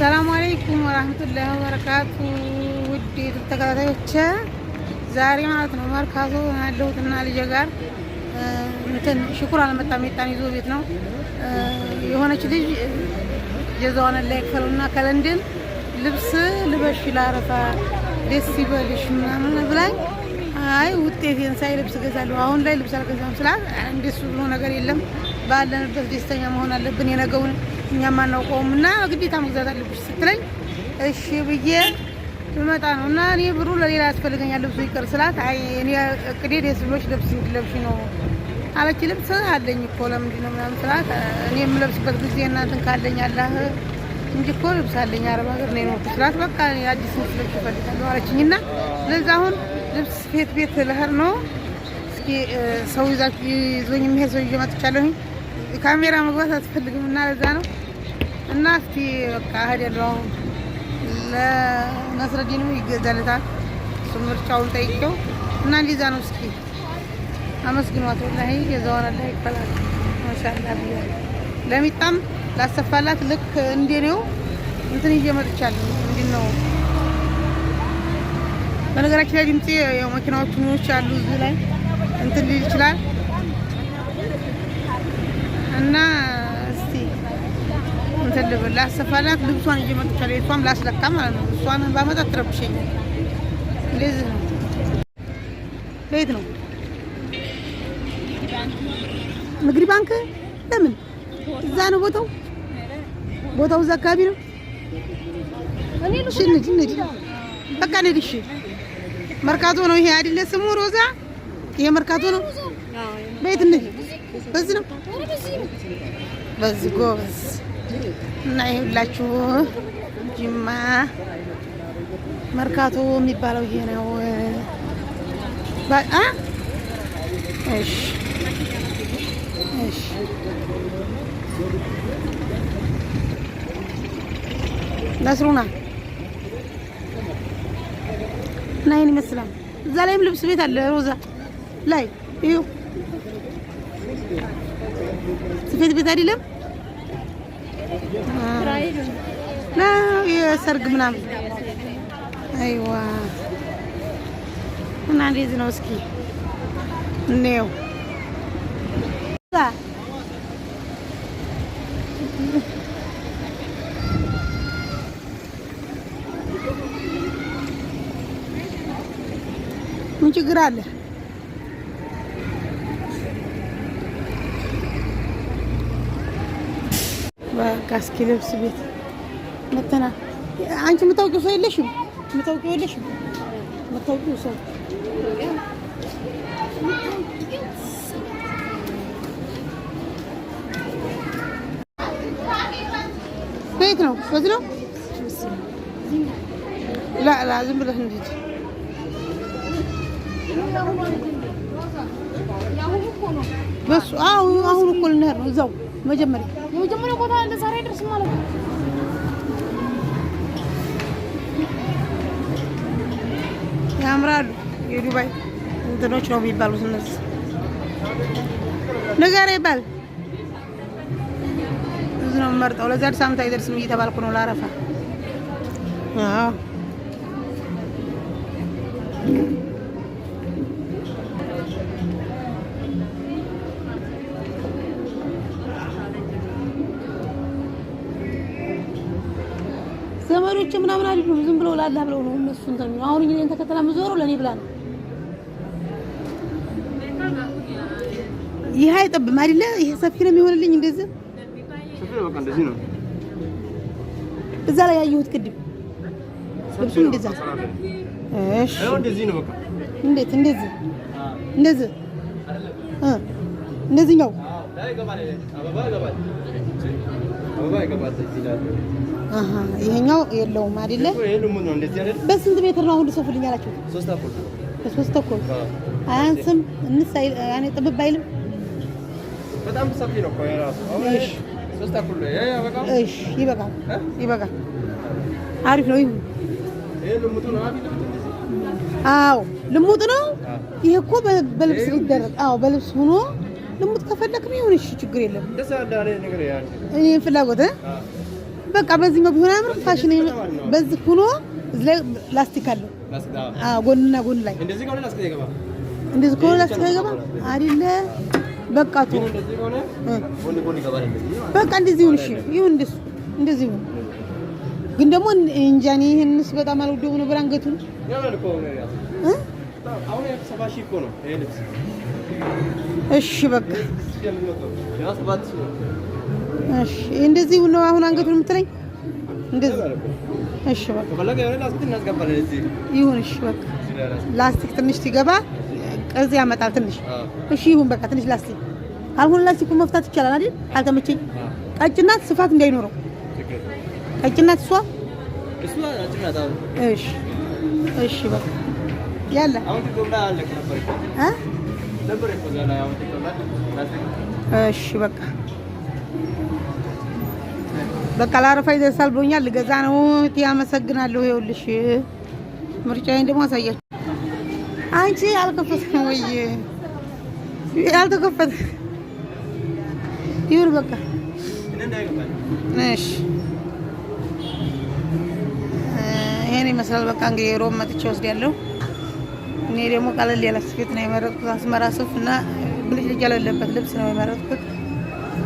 ሰላሙ አለይኩም ወራህመቱላሂ ወበረካቱ። ውድ ተከታታዮች ዛሬ ማለት ነው መርካቶ ያለሁትና ልጄ ጋር እንትን ሽኩር አልመጣም የጣን ይዞ ቤት ነው የሆነች ልጅ ጀዛዋን ላይ ከሉና ከለንደን ልብስ ልበሽ ላረፋ ደስ ይበልሽ ምናምን ብላኝ አይ ውጤቴን ሳይ ልብስ እገዛለሁ አሁን ላይ ልብስ አልገዛም ስላት እንደሱ ብሎ ነገር የለም ባለንበት ደስተኛ መሆን አለብን የነገውን እኛም አናውቀውም እና ግዴታ መግዛት አለብሽ ስትለኝ እሺ ብዬ ልመጣ ነው እና እኔ ብሩ ለሌላ ያስፈልገኛል ልብሱ ይቅር ስላት፣ አይ እኔ እቅዴ ደስ ብሎሽ ልብስ እንድትለብሺ ነው አለች። ልብስ አለኝ እኮ ለምንድን ነው ምናምን ስላት፣ እኔ የምለብስበት ጊዜ እናንተን ካለኝ አላህ እንጂ እኮ ልብስ አለኝ አረብ ሀገር ነው የኖርኩት ስላት፣ በቃ አዲስ ልብስ ልብስ እፈልጋለሁ አለችኝ እና ስለዚህ አሁን ልብስ ቤት ቤት ልሄድ ነው። እስኪ ሰው ይዛ ይዞኝ የሚሄድ ሰው ይዤ መጥቻለሁኝ። ካሜራ መግባት አትፈልግም እና ለዛ ነው እና እስቲ በቃ እሄዳለሁ አሁን ለነስረዲንም ይገዛለታል እሱ ምርጫውን ጠይቄው እና እንዲዛ ነው። እስኪ አመስግኗት ወላሂ የዛዋና ይባላል ማሻላ ብያለሁ። ለሚጣም ላሰፋላት ልክ እንዴኔው እንትን ይዤ መጥቻለሁ። ምንድን ነው በነገራችን ላይ ድምፄ ያው መኪናዎች ምኖች አሉ እዚህ ላይ እንትን ሊል ይችላል እና እንትን ላሰፋላት ልብሷን እየመጥቻለ እሷም ላስለካ ማለት ነው። እሷን ባመጣ ትረብሸኝ። እንደዚህ ነው። በየት ነው ንግድ ባንክ? ለምን እዛ ነው ቦታው? ቦታው እዛ አካባቢ ነው። እሺ እንሂድ እንሂድ፣ በቃ እንሂድ። እሺ መርካቶ ነው ይሄ አይደለ ስሙ? ሮዛ ይሄ መርካቶ ነው። በየት እንሂድ? በዚህ ነው። በዚህ ጎበዝ እና ይሄ ሁላችሁ ጅማ መርካቶ የሚባለው ይሄ ነው። እሺ እሺ ነስሩና እና ይሄን ይመስላል። እዛ ላይም ልብስ ቤት አለ። ሮዛ ላይ እዩ ስፌት ቤት አይደለም። የሰርግ ምናምን አይዋ እና እንዴት ነው እስኪ እንየው። ምን ችግር አለ? በቃ እስኪ ልብስ ቤት መተና አንቺ የምታውቂው ሰው የለሽም? የምታውቂው የለሽም? የምታውቂው ሰው ቤት ነው። በዚህ ነው። ላላ ዝም ብለህ እንሂድ። በሱ አሁን እኮ ልንሄድ ነው እዛው መጀመሪያ የመጀመሪያው ቦታ ለዛሬ አይደርስም ማለት ነው። ያምራሉ። የዱባይ እንትኖች ነው የሚባሉት እነዚህ ነገር ይባል እዚህ ነው የምመርጠው። ለዛ አዲስ ዓመት አይደርስም እየተባልኩ ነው ላረፋ ሰርቼ ምናምን አይደሉም። ዝም ብለው ላላ ብለው ነው እነሱ እንትን ነው። አሁን እኔን ተከተላ የምዞረው ለኔ ብላ ነው። ይሄ አይጠብም አይደለ? ይሄ ሰፊ ነው የሚሆንልኝ። እንደዚህ ሰፊ ነው፣ በቃ እንደዚህ ነው። እዛ ላይ ያየሁት ቅድም ልብሱም እንደዛ። እሺ፣ እንደዚህ ነው በቃ። እንዴት እንደዚህ እንደዚህ እ እንደዚህ ነው። አዎ ላይ ገባለ አባባ ገባለ ይሄኛው የለውም አይደለ? በስንት ሜትር ነው አሁን ልሰፉልኝ አላችሁ? በሶስት ተኩል አያንስም? እንስ ያኔ ጥብብ አይልም? በጣም ሰፊ ነው ይበቃል፣ ይበቃል። አሪፍ ነው። አዎ ልሙጥ ነው ይሄ እኮ በልብስ ይደረግ። አዎ በልብስ ሆኖ ልሙት ከፈለክም ይሁን እሺ፣ ችግር የለም። እኔ ፍላጎት በቃ በዚህ ነው ቢሆን አምር ፋሽን በዚህ ሆኖ እዚህ ላይ ላስቲክ አለው። ጎንና ጎን ላይ እንደዚህ ከሆነ ላስቲክ አይገባ፣ አይደለ? በቃ ጥሩ በቃ እንደዚህ ይሁን። እሺ ይሁን፣ እንደሱ እንደዚህ ይሁን። ግን ደግሞ እንጃ እኔ ይሄንስ በጣም ነው ነበር ልብስ እሺ በቃ እሺ፣ እንደዚህ ነው አሁን አንገቱን የምትለኝ እንደዚህ። እሺ በቃ ይሁን። እሺ በቃ ላስቲክ ትንሽ ሲገባ ቅርጽ ያመጣል ትንሽ። እሺ ይሁን በቃ ትንሽ ላስቲክ። አሁን ላስቲኩ መፍታት ይቻላል አይደል? አልተመቸኝ። ቀጭናት ስፋት እንዳይኖረው ቀጭናት እሷ እሷ ቀጭናት። እሺ እሺ በቃ ያለ አሁን እሺ በቃ በቃ ላረፋ ይደርሳል ብሎኛል። ልገዛ ነው። እህቴ አመሰግናለሁ። ይኸውልሽ ምርጫዬን ደግሞ አሳያችሁ። አንቺ አልከፈትክም ወይ አልተከፈትክም? ይሁን በቃ እሺ። ይሄን ይመስላል። በቃ እንግዲህ ሮብ መጥቼ ወስድ ያለው እኔ ደግሞ ቀለል ያለ ስፌት ነው የመረጥኩት። አስመራ ሱፍ እና ብልጭ ልጅ ያለለበት ልብስ ነው የመረጥኩት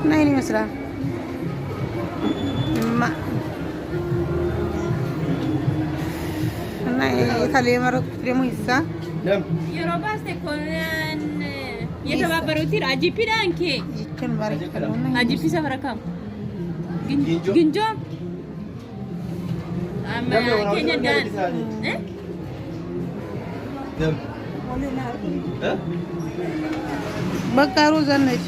እና ይህን ይመስላል። እና የታለ የመረጥኩት ደግሞ ይሳ የተባበሩት አጂፒ ዳንኬ አጂፒ ሰፈረካም ግንጆ ዳን በቃ ሮዝ ነች።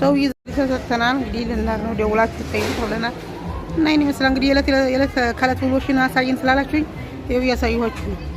ሰው ተሰጥተናል። እንግዲህ ልናር ነው ደውላችሁ ጠይቁ ብለናል እና ይህን ይመስላል እንግዲህ የዕለት ከዕለት ውሎሽን አሳየን ስላላችሁኝ ይኸው እያሳየኋችሁ ነው።